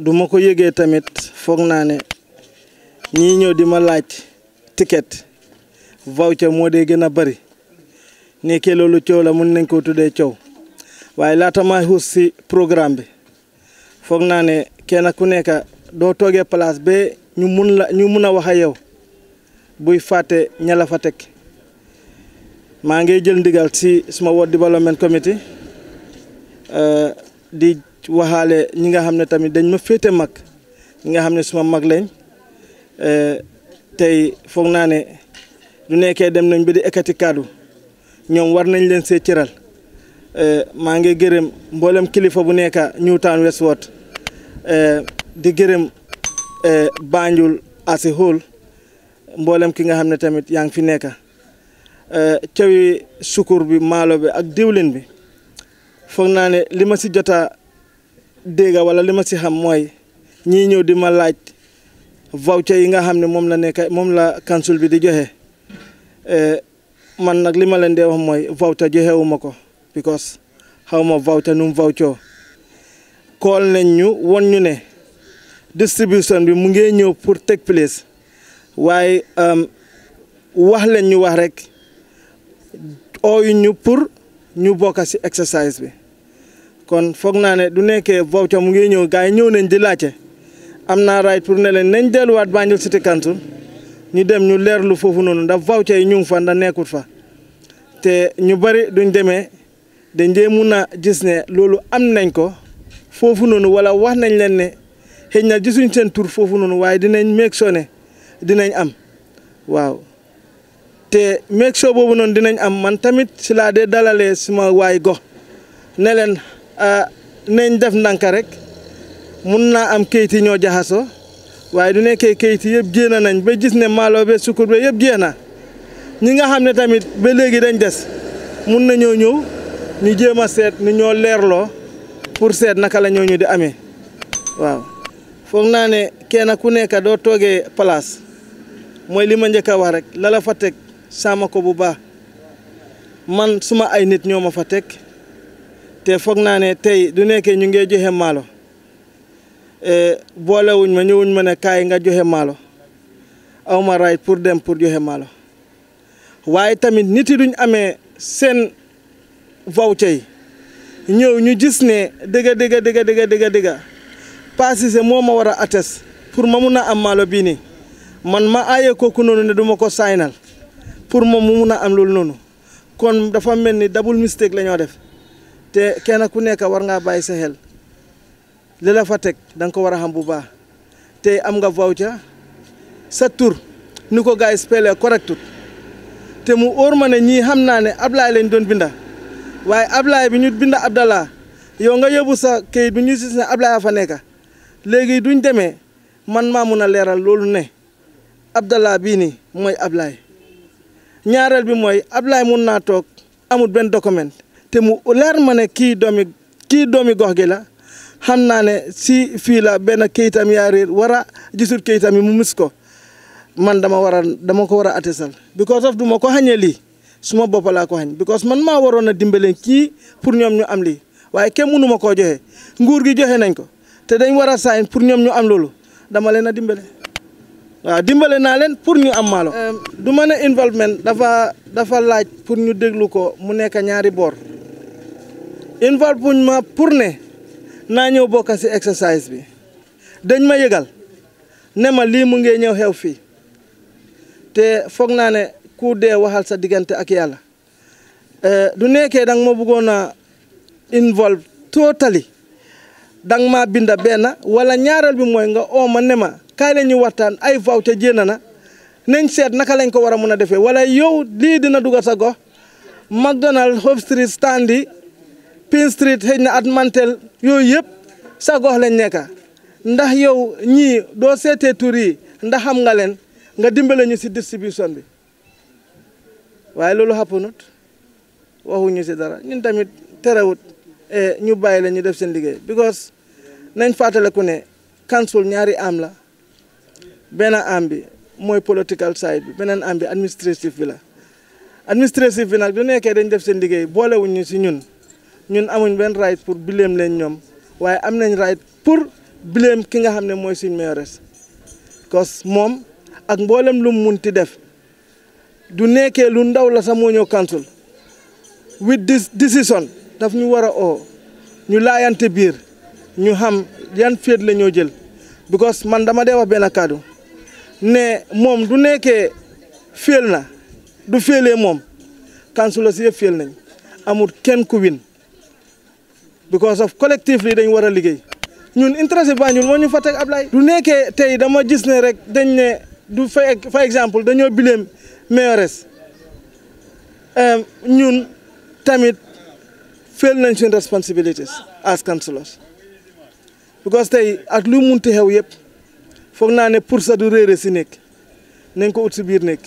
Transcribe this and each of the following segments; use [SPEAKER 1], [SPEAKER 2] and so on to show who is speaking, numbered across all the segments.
[SPEAKER 1] du ma ko yëgee tamit foog naa ne ñii ñëw di ma laaj ticket voucher moo dee gën a bari nekkee loolu coow la mun nañ koo tuddee coow waaye laata maa xuus si programme bi foog naa ne kenn ku nekk doo toogee place ba mun la ñu a wax yow buy fàtte ña la maa ngi jël ndigal si suma ward development committee euh, di. waxaale ñi nga xam ne tamit dañ ma féete mag ñi nga xam ne suma mag lañ eh, tey foog naa ne du nekkee dem nañ ba di ekkati kàddu ñoom war nañ leen see cëral eh, maa ngi gërëm mboolem kilifa bu nekk Newtown Westward eh, di gërëm Banjul as a whole mboolem ki nga xam ne tamit yaa ngi fi nekk cawi sukur bi maalo bi ak diwlin bi foog naa ne si jota dégg wala li ma si xam mooy ñii ñëw di ma laaj voucher yi nga xam ne moom la nekk moom la council bi di joxe eh, man nag li ma leen dee wax mooy voucher joxewu ma ko because xaw ma voucher nu mu kool nañ ñu won ñu ne distribution bi mu ngee ñëw pour take place waaye um, wax leen ñu wax rek ooyu ñu pour ñu bokka ci exercise bi kon foog naa ne du nekkee ca mu ngi ñëw gars yi ñëw nañ di laajte am naa right pour ne leen nañ delluwaat Banjul City Council ñu dem ñu leerlu foofu noonu ndax voucher yi ñu ngi fa ndax nekkut fa te ñu bari duñ demee dañ dee mun a gis ne loolu am nañ ko foofu noonu wala wax nañ leen ne xëy na gisuñ seen tur foofu noonu waaye dinañ meeg soo ne dinañ am waaw te meeg soo boobu noonu dinañ am man tamit si laa dee dalalee suma waay gox ne leen Ah, nañ def ndànk rek mun naa am kayit yi ñoo jaxaso waaye du nekkee kayit yi yëpp jéem nañ ba gis ne maalo be sukkur be yëpp jeex na ñi nga xam ne tamit ba léegi dañ des mun nañoo ñëw ñu jéem a seet nu ñoo leerloo pour seet naka la ñoo ñu di amee waaw foog naa ne kenn ku nekk doo toogee place mooy li ma njëkk a wax rek lala fa teg saama ko bu baax man suma ay nit ñoo ma fa teg te foog naa ne tey du nekkee ñu ngee joxe maalo e, wuñ ma ñëwuñ ma ne kaay nga joxe maalo aw ma raay pour dem pour joxe maalo waaye tamit nit yi duñ amee seen voucher yi ñëw ñu gis ne dëgga dëgga dëgga dëgga dëgga paasise moo ma war a atteste pour ma mun a am maalo bii nii man ma aaye kooku noonu ne du ma ko saynal pour moom mu mun a am loolu noonu kon dafa mel ni dabul mistake la def te kenn ku nekk war ngaa bàyyi sa xel fa teg danga ko war a xam bu baax te am nga voucher sa tur ni ko gars yi spellé te mu óor ma ne ñii xam naa ne Ablaye lañ doon binda waaye Ablaye bi ñu binda Abdallah yow nga yóbbu sa kayit bi ñu gis ne Ablaye a fa nekk léegi duñ demee man maa mun a leeral loolu ne ab Abdallah bii nii mooy Ablaye ñaareel bi mooy Ablaye mun naa toog amut benn document. te mu leer ma ne kii doomi kii doomi gox gi la xam naa ne si fii la benn kayitam yaa réer war a gisul kayitam yi mu mis ko man dama war a dama ko war a attesal because of du ma ko xañee lii suma bopp laa ko xañ because man maa waroon a dimbale kii pour ñoom ñu am lii waaye kenn mënu ma koo joxe nguur gi joxe nañ ko te dañ war a saayin pour ñoom ñu am loolu dama leen a dimbale waaw dimbale naa leen pour ñu am maalo euh, du ma ne involvement dafa dafa laaj pour ñu déglu ko mu nekk ñaari boor involve buñ ma pour ne naa ñëw bokka si exercise bi dañ ma yëgal ne ma lii mu ngi ñëw xew fii te foog naa ne ku dee waxal sa diggante ak yàlla eh, du nekkee dang ma bëggoon a involve totally danga ma binda benn wala ñaareel bi mooy nga ooma ne ma kaay la waxtaan ay vaw te jéena na nañ seet naka lañ ko war a mun a defee wala yow lii dina dugal sa gox McDonald Hope Pine Street xëy na at mantel yooyu yëpp sa gox lañ ndax yow ñii doo seetee tur yi ndax xam nga leen nga dimbale ñu si distribution bi waaye loolu xappunut waxuñu si dara ñun tamit terewut eh, ñu bàyyi la ñu def seen liggéey because nañ fàttaliku ne council ñaari am la benn am bi mooy political side bi beneen am bi administrative bi la administrative bi nag du nekkee dañ def seen liggéey boolewuñu si ñun ñun amuñ benn right pour bileem leen ñoom waaye am nañ right pour bileem ki nga xam ne mooy suñ mayoress cos moom ak mboolem lu mu munti def du nekkee lu ndaw la sax moo ñëw council with this decision daf ñu war a oo ñu laayante biir ñu xam yan féet la ñoo jël because man dama dee wax benn kàddu ne moom du nekkee féel na du féelee moom council si yëpp féel nañ amul kenn ku win because of collectively dañ war a liggéey ñun intérêt Banjul moo ñu fa teg Ablaye du nekkee tey dama gis ne rek dañ ne du fa e-, exemple dañoo bileem mayoress euh, ñun tamit fail nañ suñ responsibilities as councillors because tey ak lu munti xew yëpp foog naa ne pour ça du réere si nekk nañ ko ut si biir nekk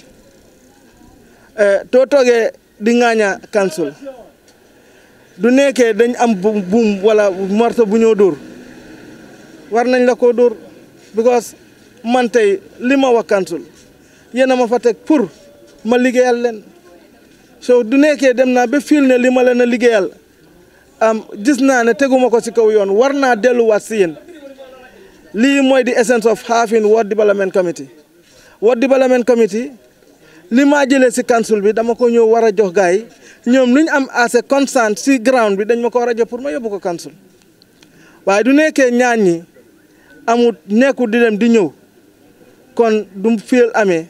[SPEAKER 1] doo euh, toogee di ŋaaña council du nekkee dañ am buum wala morto bu ñoo dóor war nañ la koo dóor because man tey li ma wax kansul yéen a ma fa teg pour ma liggéeyal leen so du nekkee dem naa ba fiil ne li ma leen a liggéeyal am jis naa ne teguma ko ci kaw yoon war naa delluwaat si yéen lii mooy di essence of having Ward Development Committee Ward Development Committee li maa jëlee si council bi dama ko ñëw war a jox gaay yi ñoom lu ñu am assez constant si ground bi dañ ma ko war a jox pour ma yóbbu ko council waaye du nekkee ñaan ñi amul nekkul di dem di ñëw kon du fiil amee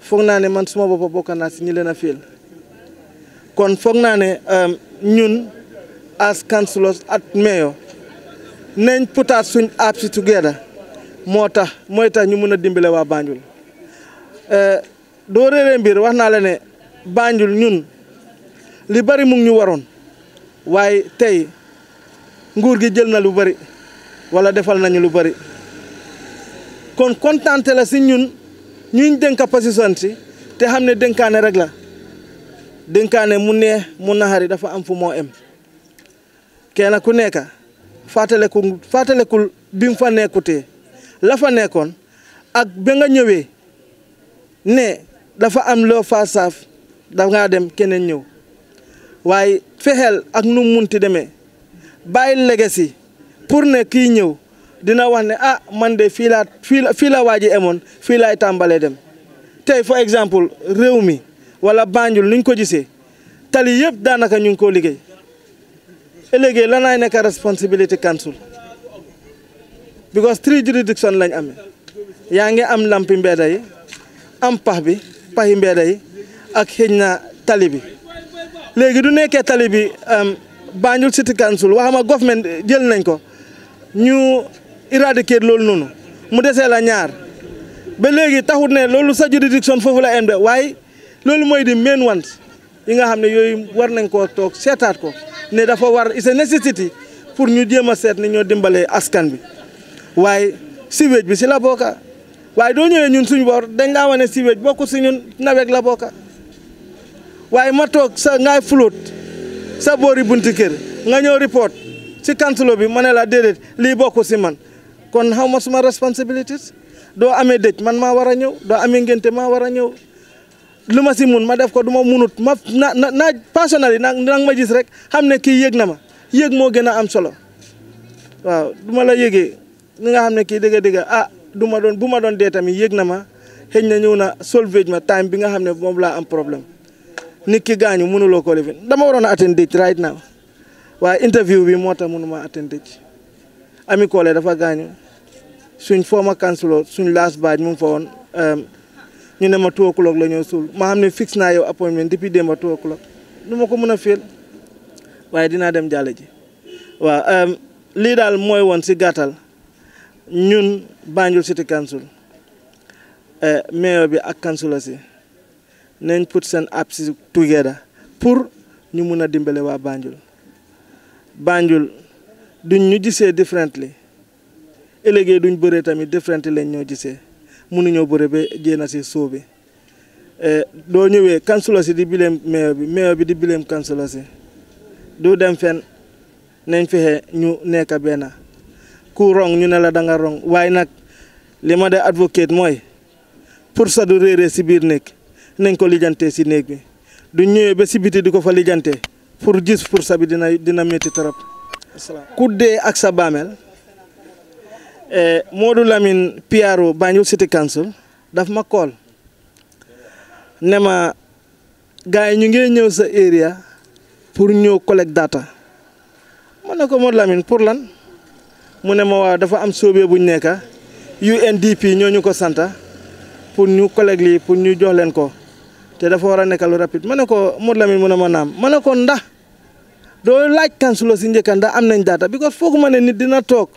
[SPEAKER 1] foog naa ne man suma boppa bokk naa si ñi leen a fiil kon foog naa ne um, ñun as councilors at mayor nañ putaat suñ app si together moo tax mooy tax ñu mun a dimbale waa Banjul uh, doo réeree mbir wax naa la ne Banjul ñun li bari mu ngi ñu waroon waaye tey nguur gi jël na lu bari wala defal nañu lu bari kon kontante si ñun ñuñ dénka position si te xam ne dénkaane rek la dénkaane mu neex mu naxari dafa am fu moo em kenn ku nekk fàttalekul fàttalekul bi mu fa nekkutee la nekkoon ak ba nga ñëwee ne dafa am loo faa saaf da ngaa dem keneen ñëw waaye fexeel ak nu munti demee bàyyi legacy pour ne kii ñëw dina wax ne ah man de fii laa fii la fii la waa ji emoon fii laay tàmbalee dem tey for exemple réew mi wala Banjul ni ñu ko gisee tali yëpp daanaka ñu ngi koo liggéey ëllëgee lanaay nekk responsibility council because three jurisdiction lañ amee yaa ngi am lampi mbedda yi am pax bi payi mbeeda ak xëj na tali bi léegi du nekkee tali bi Banjul City Council waxama government jël nañ ko ñu éradiquer loolu noonu mu desee la ñaar ba léegi taxut ne loolu sa juridiction foofu la em de waaye loolu mooy di main want yi nga xam ne yooyu war nañ ko toog seetaat ko ne dafa war it's a necessity pour ñu jéem a seet ni ñoo dimbalee askan bi waaye siwéej bi si la bokka waaye doo ñëwee ñun suñu boor dañ laa wane si wéj bokku si ñun nawet la booka waaye ma toog sa ngaay flotte sa boori bunti kër nga ñëw report si kansilo bi ma ne la déedéet lii boo bokku si man kon xaw ma suma responsibilities doo amee dëj man maa war a ñëw doo amee ngénte maa war a ñëw lu ma si mun ma def ko du ma munut ma na na naa nag nag ma gis rek xam ne kii yëg na ma yëg moo gën a am solo waaw du ma la yëgee ñi nga xam ne kii dëgg-dëgg ah, du ma doon bu ma doon dee tamit yéeg na ma xëj na ñëw na solvage ma time bi nga xam ne moom laa am problème nit ki gaañu mënuloo ko lifin dama waroon a attend dëj right now waaye interview bi moo tax mënuma ma dëj ami koole dafa gaañu suñ former councilor suñ last badge mu ngi fa woon um, ñu ne ma two o'clock la ñoo suul ma xam ne fix naa yow appointment depuis démb ba two o'clock du ma ko mën a féel waaye dinaa dem jàlle ji waaw um, lii daal mooy woon si gàttal ñun Banjul City e mayor bi ak councilor si nañ put seen apps together pour ñu mun a dimbale waa Banjul Banjul duñ ñu gisee differently ëllëgee duñ bëree tamit differently lañ ñoo gisee mënuñoo bëre ba jéem si soo bi eh, doo ñëwee councilor si di bileem mayor bi mayor bi di bileem councilor si du dem fenn nañ fexe ñu nekk benn. ku rong ñu ne la da rong waaye nag li ma dee advocate mooy pour sa du réeree si biir néeg nañ ko lijjantee si néeg bi du ñëwee ba si biti di ko fa lijjantee pour gis pour sa bi dina dina métti trop. ku dé ak sa baamel eh, Modou Lamine PRO Banjul City Council daf ma kool ne ma gars yi ñu ngi ñëw sa area pour ñëw collecte data ma ne ko Modou Lamine pour lan. mu ne ma waaw dafa am soobee buñ nekka UNDP ñoo ñu ko santa pour ñu collègue lii pour ñu jox leen ko te dafa war a nekk lu rapide ma ne ko Modou Lamine mi ne ma naam ma ne ko ndax doo laaj kansulo si njëkka ndax am nañ data because foog ma ne nit dina toog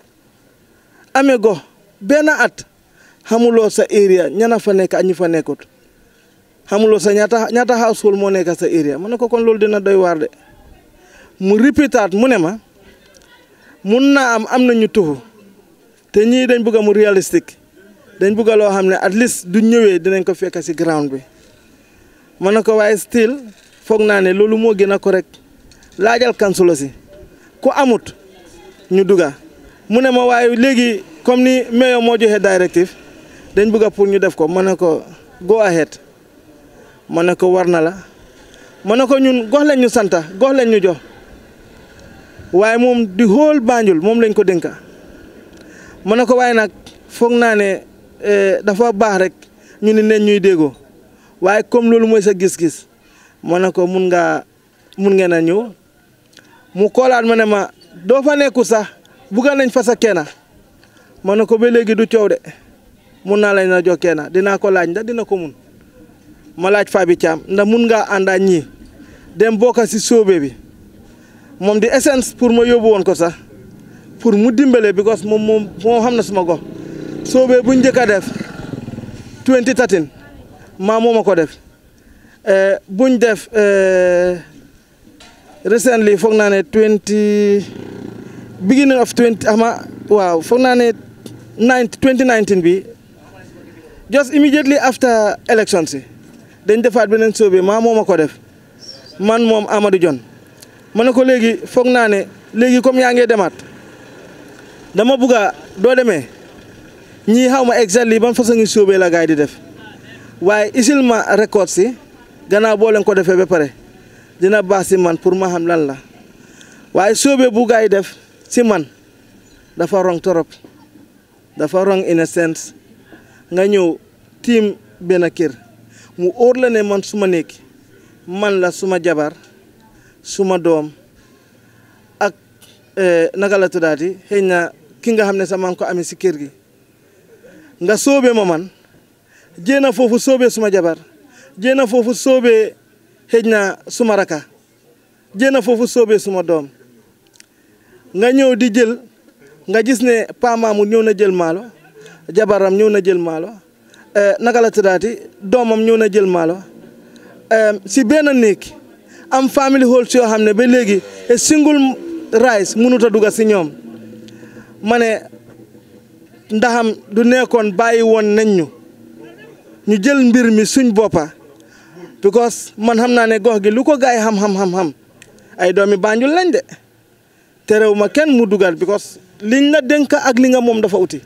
[SPEAKER 1] amee gox benn at xamuloo sa area ñana fa nekk ak ñi fa nekkut xamuloo sa ñaata ñaata household moo nekk sa area ma ne ko kon loolu dina doy waar de mu répétaat mu ne ma mun naa am am nañu tuxu te ñii dañ bëgg mu réalistique dañ bëgg loo xam ne at least du ñëwee dinañ ko fekk si ground bi ma ne ko waaye still foog naa ne loolu moo gën a correct laajal kansulo ku amut ñu duga mu ne ma waaye léegi comme ni mayor moo joxe directive dañ bëgg pour ñu def ko ma ne ko go ahead ma ne ko war na la ma ne ko ñun gox leen ñu santa gox leen ñu jox waaye moom di whole Banjul moom lañ ko dénka ma ne ko waaye nag foog naa ne e, dafa baax rek ñu ne nen ñuy déggoo waaye comme loolu mooy sa gis-gis ma ne ko mun ngaa mun ngeen a ñëw mu koolaat ma ne ma doo fa nekkul sax bugga nañ fa sa keena ma ne ko ba léegi du coow de mun naa lañ na keena dinaa ko laaj ndax dina ko mun ma laaj Faby Thiam ndax mun ngaa àndaat ñii dem bokka si sóobe bi moom di essence pour ma yóbbu woon ko sax pour mu dimbale because moom moom moo xam na suma gox soobee buñ njëkk a def 2013 maa mooma ko def eh, buñ def eh, recently foog naa ne 20 beginning of 20 ama ah, waaw foog naa ne 2019 bi just immediately after elections yi dañ defaat beneen soobee maa mooma ko def man moom Amadou Jon ma ne ko léegi foog naa ne léegi comme yaa ngee demaat dama bugg a doo demee ñii xaw ma exact lii ban façon ngi sóobee la gars di def waaye isil ma record si gannaaw boo leen ko defee ba pare dina baax si man pour ma lan la waaye sóobee bu gars yi def si man dafa rong torop dafa rong in a nga ñëw tiim benn kër mu óor la ne man suma nekk man la suma jabar suma dom, ak eh, naka la tuddaati xëy ki nga xamne sama ko amé ci kër gi nga sobé ma man fofu sobé suma jabar jena fofu sobé soobee suma raka jéem fofu sobé suma dom. nga ñew di jël nga gis ne Pa mamu ñew na jël malo jabaram ñew na jël maalo eh, naka la tuddaati domam ñew na jël eh, si benn am family holds yoo xam ne ba léegi a single rice mënut a dugg si ñoom ma ne ndaxam du nekkoon bàyyi woon nañ ñu ñu jël mbir mi suñ boppa because man xam naa ne gox gi lu ko gaay xam xam xam ay doomi Banjul lañ de te réew ma kenn mu dugal because liñ la dénk ak li nga moom dafa uti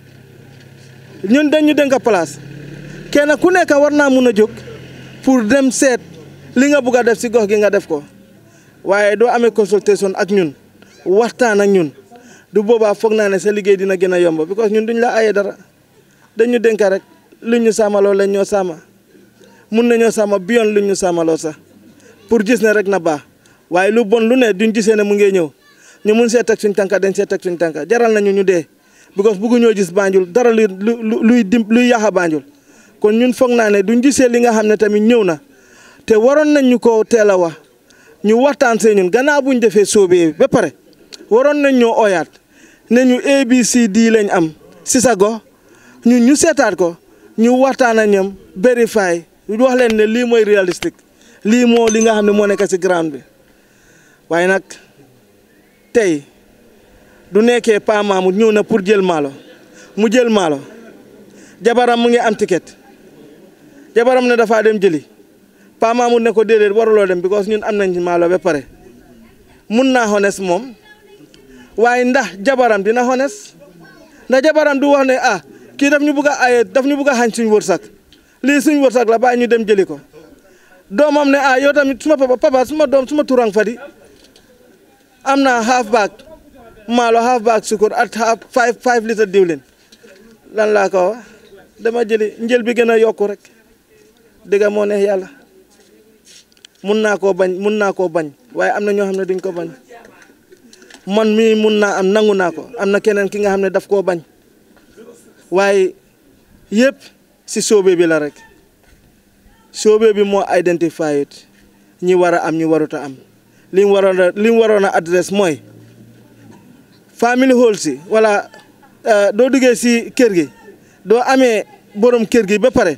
[SPEAKER 1] ñun dañu dénk place kenn ku nekk war naa mun a jóg pour dem seet li nga bëgg def ci gox gi nga def ko waye do amé consultation ak ñun waxtaan ak ñun du boba foog na né sa liggéey dina gëna yomb because ñun duñ la ayé dara dañu dénka rek lu ñu sàmmaloo lañ ñoo sama mun nañoo sama biyoon lu ñu sàmmaloo sax pour gis ne rek na ba waye lu bon lu né duñ gisé né mu ngee ñëw ñu mën sé tak suñu tanka dañ sé tak suñu tanka jaral nañu ñu dé because ñoo gis Banjul dara luy luy dim luy Banjul kon ñun foog na né duñ gisé li nga xamné tamit ñëw na te waroon nañ ñu ko teel a wax ñu waxtaan see ñun bu ñu defee soobee ba pare waroon nañ ñoo oyaat ne ñu ABCD lañ am si sa ñu ñu seetaat ko ñu waxtaan ak ñoom vérifié wax leen ne lii mooy réalistique lii moo li nga xam ne moo nekk si ground bi waaye nag tey du nekkee Pa Mamou ñëw na pour jël maalo mu jël maalo jabaram mu ngi am ticket jabaram ne dafaa dem jëli. Pa Mamour ne ko déedéet waruloo dem because ñun am nañ maalo ba pare mun naa xones moom waaye ndax jabaram dina xones ndax jabaram du wax ne ah kii daf ñu bugg a aye daf ñu bugg a suñ wërsag lii suñ wërsag la bàyyi ñu dem jëli ko doomam ne ah yow tamit suma papa papa suma doom suma turang fadi am naa half bag maalo half bag sukur at half five five litre diwlin lan laa ko wax dama jëli njël bi gën a yokku rek dëgg moo neex yàlla mun naa koo bañ mun naa koo bañ waaye am na ñoo xam ne duñ ko bañ man mii mun naa am nangu naa ko am na keneen ki nga xam ne daf koo bañ waaye yëpp si sóobe bi la rek sóobe bi moo identifié it ñi war a am ñi warut a am li mu waroon a waroon a adresse mooy family hall si wala euh, doo duggee si kër gi doo amee borom kër gi ba pare.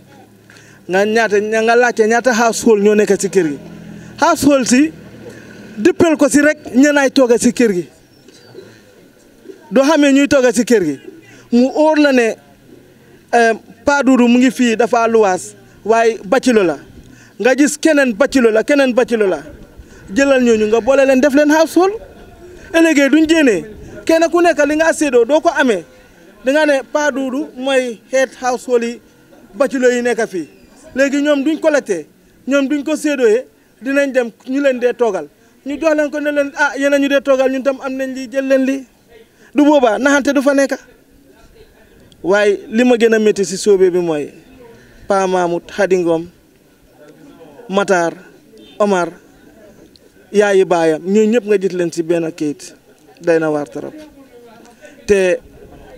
[SPEAKER 1] nga ñaata nga laajte ñaata household ñoo nekk ci kër gi household si dëppal ko si rek ñanaay tooga si kër gi doo xamee ñuy tooga si kër gi mu óor la ne eh, paaduuru mu ngi fii dafa luwaas waaye bacilo la nga gis keneen bacilo la keneen bacilo la jëlal ñooñu nga boole leen def leen household ëllëgee duñ jéenee kenn ku nekk li nga séedoo doo ko amee da nga ne paaduuru mooy head household yi bacilo yi nekk fii léegi ñoom duñ collecté ñoom duñ ko séedoyee dinañ dem ñu leen dee toogal ñu jox leen ko ne leen ah yéen ñu dee toogal ñun tam am nañ lii jël leen lii du boobaa naxante du fa nekk waaye li ma gën a métti si sóobe bi mooy Pa Mamoud Xadi Ngom Matar Omar yaayi baayam ñooñu ñëpp nga gis leen si benn kayit day na waar trop te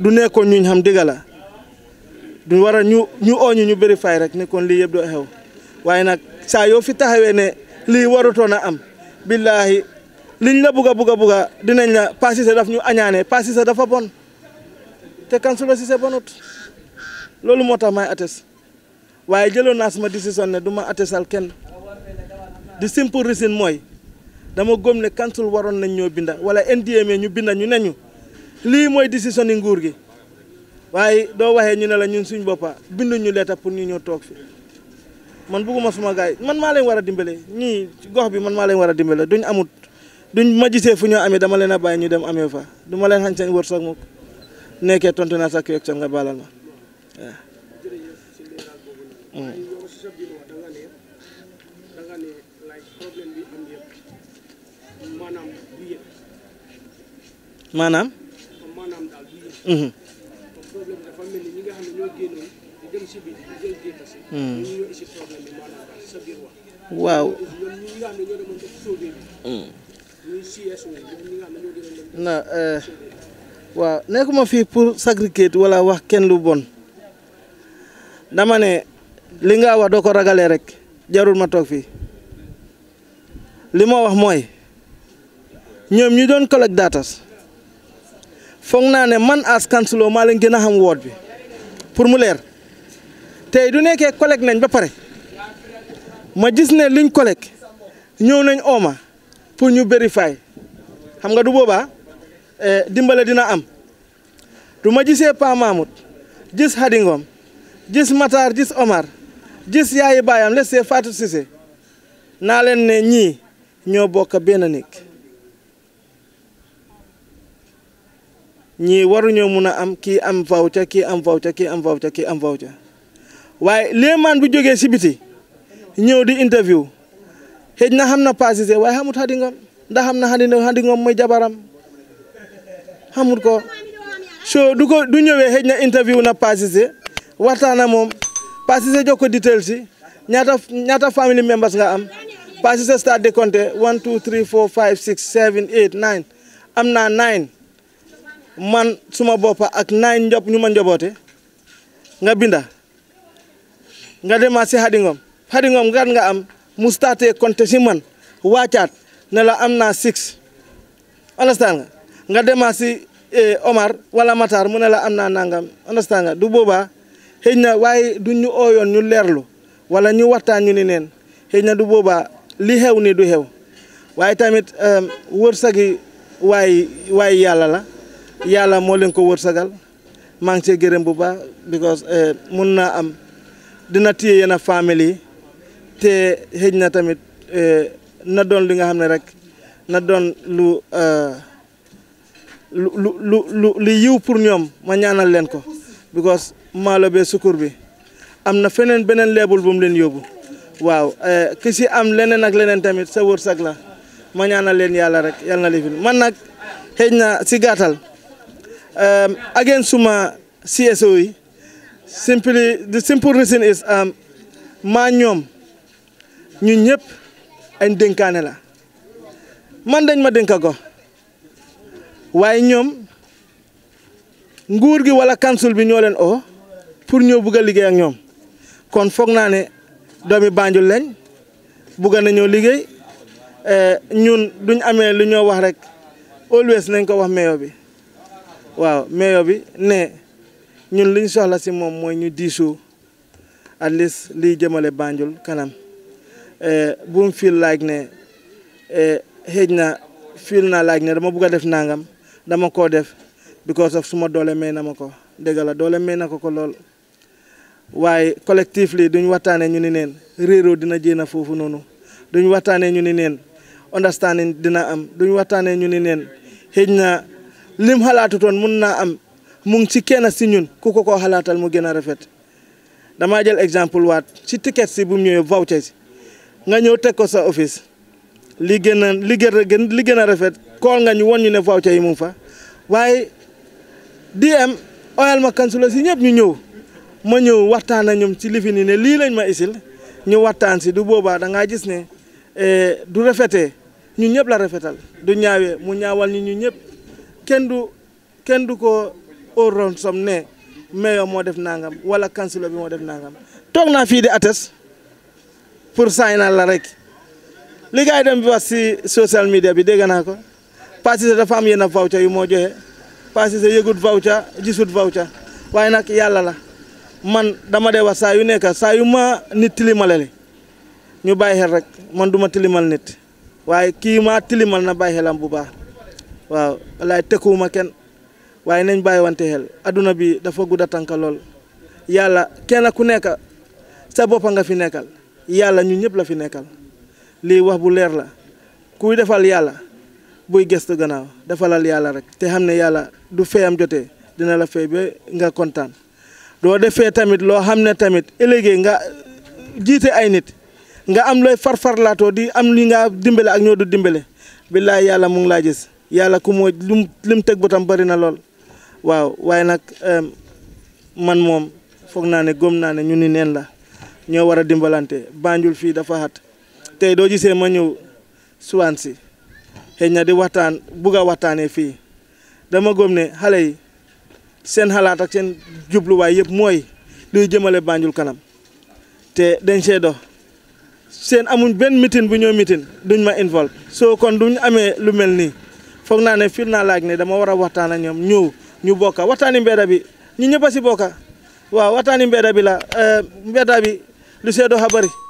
[SPEAKER 1] du nekkoon ñuñ xam dëgg la du war a ñu ñu ooñu ñu vérifier rek ne kon lii yëpp doo xew waaye nag saa yow fi taxawee ne lii warutoon a am billaahi liñ la bugg a bugg a bugg a dinañ la daf ñu añaane Pa dafa bon te Councilor Cissé bonut loolu moo tax may attest waaye jëloon naa sama décision ne du ma attestal kenn di simple reason mooy dama gëm ne council waroon nañ ñoo binda wala NDMA ñu binda ñu ne ñu lii mooy décision yi nguur gi waaye doo waxee ñu ne la ñun suñ boppa binduñu leeta pour ñu ñoo toog fi man bugguma suma gaay man maa leen war a dimbale ñii gox bi man maa leen war a dimbale duñ amut duñ ma gisee fu ñoo amee dama leen a bàyyi ñu dem amee fa duma leen xañ seen wërsëg mu nekkee tontu sa question nga baalal ma waaw. maanaam. maanaam. problème dafa mel ni nga xam ñoo génnoon di dem si biir di jël ñoo demoon sauvé ñoom
[SPEAKER 2] ñi
[SPEAKER 1] nga ñoo wala wax kenn lu bon dama ne li nga wax ko rek jarul ma datas foog naa ne man as kansuloo maa leen gën a xam woot bi pour mu leer tey du nekkee collecte nañ ba pare ma gis ne liñ collecte ñëw nañ ooma pour ñu vérifier xam nga du boobaa eh, dimbale dina am du ma gisee Pa Mahmoud gis Hadingom gis Matar gis Omar gis yaayi baayam les see Fatou Cissé naa leen ne ñii ñoo bokk benn néeg ñii waruñoo mun a am kii am voucher kii am voucher kii am voucher kii am voucher waaye léemaan bu jógee si biti ñëw di interview xëj na xam na passé waaye xamut Khady Ngom ndax xam na Khady Ngom mooy jabaram xamut ko so du du ñëwee xëj na interview na passé waxtaan na moom passé jox ko details si ñaata ñaata family members nga am passé start de compter one two three four five six seven eight nine am naa nine man suma boppa ak naay njop ñu ma njoboote nga binda nga demaat si Khady Ngom gan nga am mu starté si man waacaat ne la am naa six understand nga nga si eh, Omar wala Matar mu ne la am naa nangam understand du boobaa xëy na waaye du ñu ooyoon ñu leerlu wala ñu waxtaan ñu ni neen xëy na du boobaa li xew ni du xew waaye tamit wërsëgi waay waay yàlla la yàlla moo leen ko wërsagal maa ngi cee gërëm bu baax because eh, mun naa am dina téye yenn famille yi te xëj na tamit eh, na doon li nga xam ne rek na doon eh, lu lu lu lu lu yiw pour ñoom ma ñaanal leen ko because maalo bee sukkur bi am na feneen beneen leebul bu leen yóbbu waaw ki si am leneen ak leneen tamit sa wërsëg la ma ñaanal leen yàlla rek yàlla na li man nag xëj na si gàttal Um, again, Suma CSOE, simply the simple reason um, ñoom ñu Manyom, añ and Denkanela. Man dañ ma dénk ko waaye ñoom nguur gi wala council bi ñoo leen oo pour ñoo bugg a liggéey ak ñoom kon foog naa ne doomi Banjul lañ bugg nañoo liggéey eh, ñun duñ amee li ñoo wax rek always nañ ko wax meyo bi. waaw maire bi ne ñun liñ soxla si moom mooy ñu diisoo at least lii jëmale Banjul kanam eh, bu mu feel laaj ne eh, xëj na feel naa like ne dama bugg a def nangam dama ko def because of suma doole may na ma ko dégg la doole may na ko ko lool waaye collectif lii duñ waxtaanee ñu ni neen réeroo dina jéem na foofu noonu duñ waxtaanee ñu ni neen understanding dina am duñ waxtaanee ñu ni neen xëj na lim xalaatutoon mun naa am mu ngi ci kenn si ñun ku ko ko xalaatal mu gën a rafet damaa jël exemple waat ci ticket si bu mu ñëwee voucher si nga ñëw teg ko sa office li gën a gën li gën a rafet kool nga ñu won ne voucher yi mu fa waaye DM oyal ma kansula si ñëpp ñu ñëw ma ñëw waxtaan ak ñoom ci lifi nii ne lii lañ ma isil ñu waxtaan si du boobaa da ngaa gis ne eh, du rafetee ñun ñëpp la rafetal du ñaawee mu ñaawal ñu ñun ñëpp kenn du kenn du ko óoroon som ne mayor moo def nangam wala councilor bi moo def nangam toog naa fii di ates pour saynal la rek li gars dem bi wax si social media bi dégg naa ko Passy dafa am yenn voucher yu moo joxe Passy yëgut voucher gisut voucher waaye nag yàlla la man dama dee wax saa yu nekk saa ma nit tilimalale ñu bàyyi rek man du ma tilimal nit waaye kii tilimal na bàyyi bu baax waaw walaay tëkkuwuma kenn waaye nañ bàyyi wante xel adduna bi dafa gudd a tànk lool yàlla kenn ku nekk sa boppa nga fi nekkal yàlla ñu ñëpp la fi nekkal lii wax bu leer la ku defal yàlla buy gëstu ganaaw defalal yàlla rek te xam ne yàlla du feyam jotee dina la fay ba nga kontaan doo defee tamit loo xam ne tamit ëllëgee nga euh, jiite ay nit nga am looy farfarlaatoo di am li nga dimbale ak ñoo du dimbale billaay yàlla mu ngi laa gis yàlla ku mu lu mu tëg bëtam bëri na lool waaw waaye nag man moom foog naa ne gëm naa ne ñu ni neen la ñoo war a dimbalante Banjul fii dafa xat tey doo gisee ma ñëw Swansea xëy na di waxtaan bugg a waxtaanee fii dama gëm ne xale yi seen xalaat ak seen jubluwaay yëpp mooy luy jëmale Banjul kanam te dañ see dox seen amuñ benn meeting bu ñoo meeting duñ ma involve soo kon duñ amee lu mel nii foog naa ne fil naa laaj ne dama war a waxtaan ak ñoom ñëw ñu bokka waxtaani mbedda bi ñu ñëpp a si bokka waaw waxtaani mbedda bi la euh, mbedda bi lu seedoo xa bari